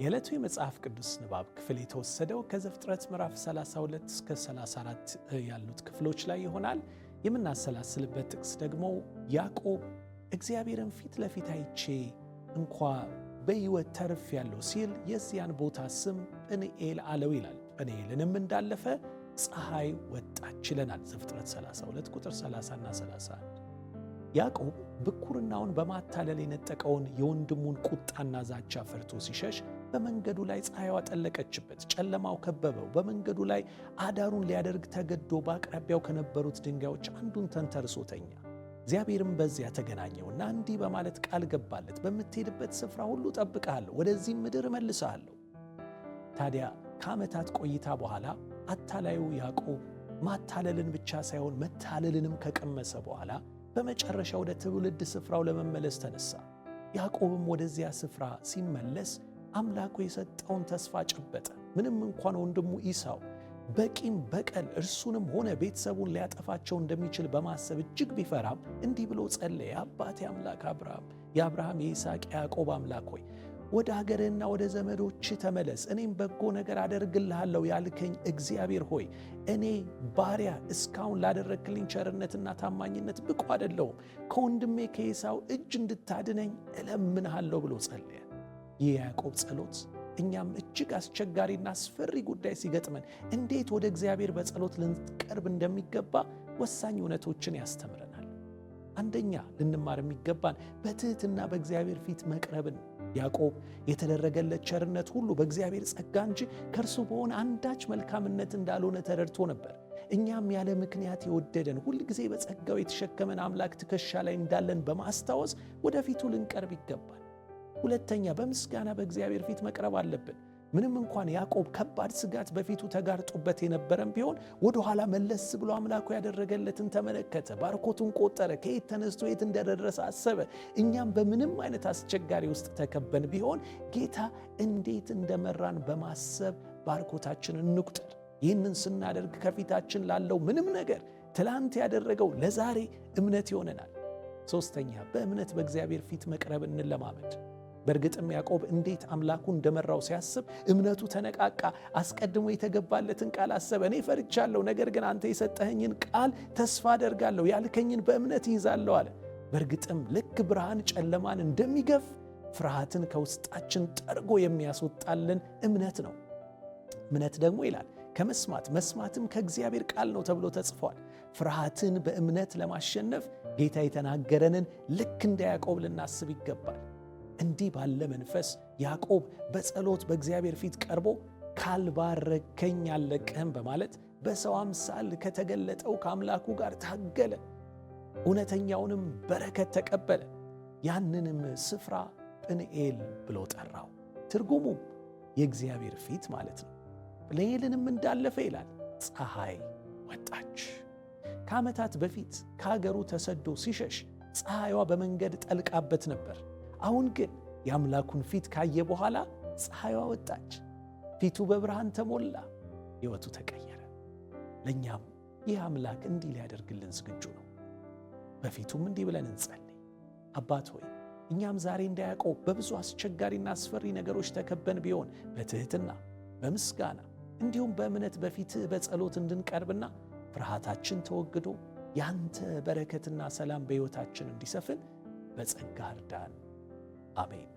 የዕለቱ የመጽሐፍ ቅዱስ ንባብ ክፍል የተወሰደው ከዘፍጥረት ምዕራፍ 32 እስከ 34 ያሉት ክፍሎች ላይ ይሆናል። የምናሰላስልበት ጥቅስ ደግሞ ያዕቆብ እግዚአብሔርን ፊት ለፊት አይቼ እንኳ በሕይወት ተርፍ ያለው ሲል የዚያን ቦታ ስም ጵንኤል አለው ይላል። ጵንኤልንም እንዳለፈ ፀሐይ ወጣች ይለናል ዘፍጥረት 32 ቁጥር 30 እና 31 ያዕቆብ ብኩርናውን በማታለል የነጠቀውን የወንድሙን ቁጣና ዛቻ ፈርቶ ሲሸሽ በመንገዱ ላይ ፀሐይዋ ጠለቀችበት፣ ጨለማው ከበበው። በመንገዱ ላይ አዳሩን ሊያደርግ ተገዶ በአቅራቢያው ከነበሩት ድንጋዮች አንዱን ተንተርሶ ተኛ። እግዚአብሔርም በዚያ ተገናኘውና እንዲህ በማለት ቃል ገባለት፣ በምትሄድበት ስፍራ ሁሉ እጠብቅሃለሁ፣ ወደዚህም ምድር እመልስሃለሁ። ታዲያ ከዓመታት ቆይታ በኋላ አታላዩ ያዕቆብ ማታለልን ብቻ ሳይሆን መታለልንም ከቀመሰ በኋላ በመጨረሻ ወደ ትውልድ ስፍራው ለመመለስ ተነሳ። ያዕቆብም ወደዚያ ስፍራ ሲመለስ አምላኩ የሰጠውን ተስፋ ጨበጠ። ምንም እንኳን ወንድሙ ኢሳው በቂም በቀል እርሱንም ሆነ ቤተሰቡን ሊያጠፋቸው እንደሚችል በማሰብ እጅግ ቢፈራም እንዲህ ብሎ ጸለየ። የአባቴ አምላክ አብርሃም፣ የአብርሃም የይስሐቅ ያዕቆብ አምላክ ሆይ ወደ አገርህና ወደ ዘመዶች ተመለስ፣ እኔም በጎ ነገር አደርግልሃለሁ ያልከኝ እግዚአብሔር ሆይ እኔ ባሪያ እስካሁን ላደረግክልኝ ቸርነትና ታማኝነት ብቁ አይደለሁም፣ ከወንድሜ ከኤሳው እጅ እንድታድነኝ እለምንሃለሁ ብሎ ጸለየ። የያዕቆብ ጸሎት እኛም እጅግ አስቸጋሪና አስፈሪ ጉዳይ ሲገጥመን እንዴት ወደ እግዚአብሔር በጸሎት ልንቀርብ እንደሚገባ ወሳኝ እውነቶችን ያስተምረናል። አንደኛ ልንማር የሚገባን በትሕትና በእግዚአብሔር ፊት መቅረብን። ያዕቆብ የተደረገለት ቸርነት ሁሉ በእግዚአብሔር ጸጋ እንጂ ከእርሱ በሆነ አንዳች መልካምነት እንዳልሆነ ተረድቶ ነበር። እኛም ያለ ምክንያት የወደደን ሁልጊዜ በጸጋው የተሸከመን አምላክ ትከሻ ላይ እንዳለን በማስታወስ ወደፊቱ ልንቀርብ ይገባል። ሁለተኛ በምስጋና በእግዚአብሔር ፊት መቅረብ አለብን። ምንም እንኳን ያዕቆብ ከባድ ስጋት በፊቱ ተጋርጦበት የነበረም ቢሆን ወደ ኋላ መለስ ብሎ አምላኩ ያደረገለትን ተመለከተ፣ ባርኮቱን ቆጠረ፣ ከየት ተነስቶ የት እንደደረሰ አሰበ። እኛም በምንም አይነት አስቸጋሪ ውስጥ ተከበን ቢሆን ጌታ እንዴት እንደመራን በማሰብ ባርኮታችንን እንቁጠር። ይህንን ስናደርግ ከፊታችን ላለው ምንም ነገር ትላንት ያደረገው ለዛሬ እምነት ይሆነናል። ሦስተኛ በእምነት በእግዚአብሔር ፊት መቅረብ እንለማመድ። በእርግጥም ያዕቆብ እንዴት አምላኩ እንደመራው ሲያስብ እምነቱ ተነቃቃ። አስቀድሞ የተገባለትን ቃል አሰበ። እኔ ፈርቻለሁ፣ ነገር ግን አንተ የሰጠኸኝን ቃል ተስፋ አደርጋለሁ፣ ያልከኝን በእምነት ይይዛለሁ አለ። በእርግጥም ልክ ብርሃን ጨለማን እንደሚገፍ ፍርሃትን ከውስጣችን ጠርጎ የሚያስወጣልን እምነት ነው። እምነት ደግሞ ይላል ከመስማት መስማትም ከእግዚአብሔር ቃል ነው ተብሎ ተጽፏል። ፍርሃትን በእምነት ለማሸነፍ ጌታ የተናገረንን ልክ እንደ ያዕቆብ ልናስብ ይገባል። እንዲህ ባለ መንፈስ ያዕቆብ በጸሎት በእግዚአብሔር ፊት ቀርቦ ካልባረከኝ አልለቅህም በማለት በሰው አምሳል ከተገለጠው ከአምላኩ ጋር ታገለ። እውነተኛውንም በረከት ተቀበለ። ያንንም ስፍራ ጵንኤል ብሎ ጠራው። ትርጉሙም የእግዚአብሔር ፊት ማለት ነው። ጵንኤልንም እንዳለፈ ይላል ፀሐይ ወጣች። ከዓመታት በፊት ከአገሩ ተሰዶ ሲሸሽ ፀሐይዋ በመንገድ ጠልቃበት ነበር። አሁን ግን የአምላኩን ፊት ካየ በኋላ ፀሐይዋ ወጣች፣ ፊቱ በብርሃን ተሞላ፣ ሕይወቱ ተቀየረ። ለእኛም ይህ አምላክ እንዲህ ሊያደርግልን ዝግጁ ነው። በፊቱም እንዲህ ብለን እንጸልይ። አባት ሆይ እኛም ዛሬ እንደ ያዕቆብ በብዙ አስቸጋሪና አስፈሪ ነገሮች ተከበን ቢሆን በትሕትና በምስጋና እንዲሁም በእምነት በፊትህ በጸሎት እንድንቀርብና ፍርሃታችን ተወግዶ ያንተ በረከትና ሰላም በሕይወታችን እንዲሰፍን በጸጋ እርዳን። ആമേൻ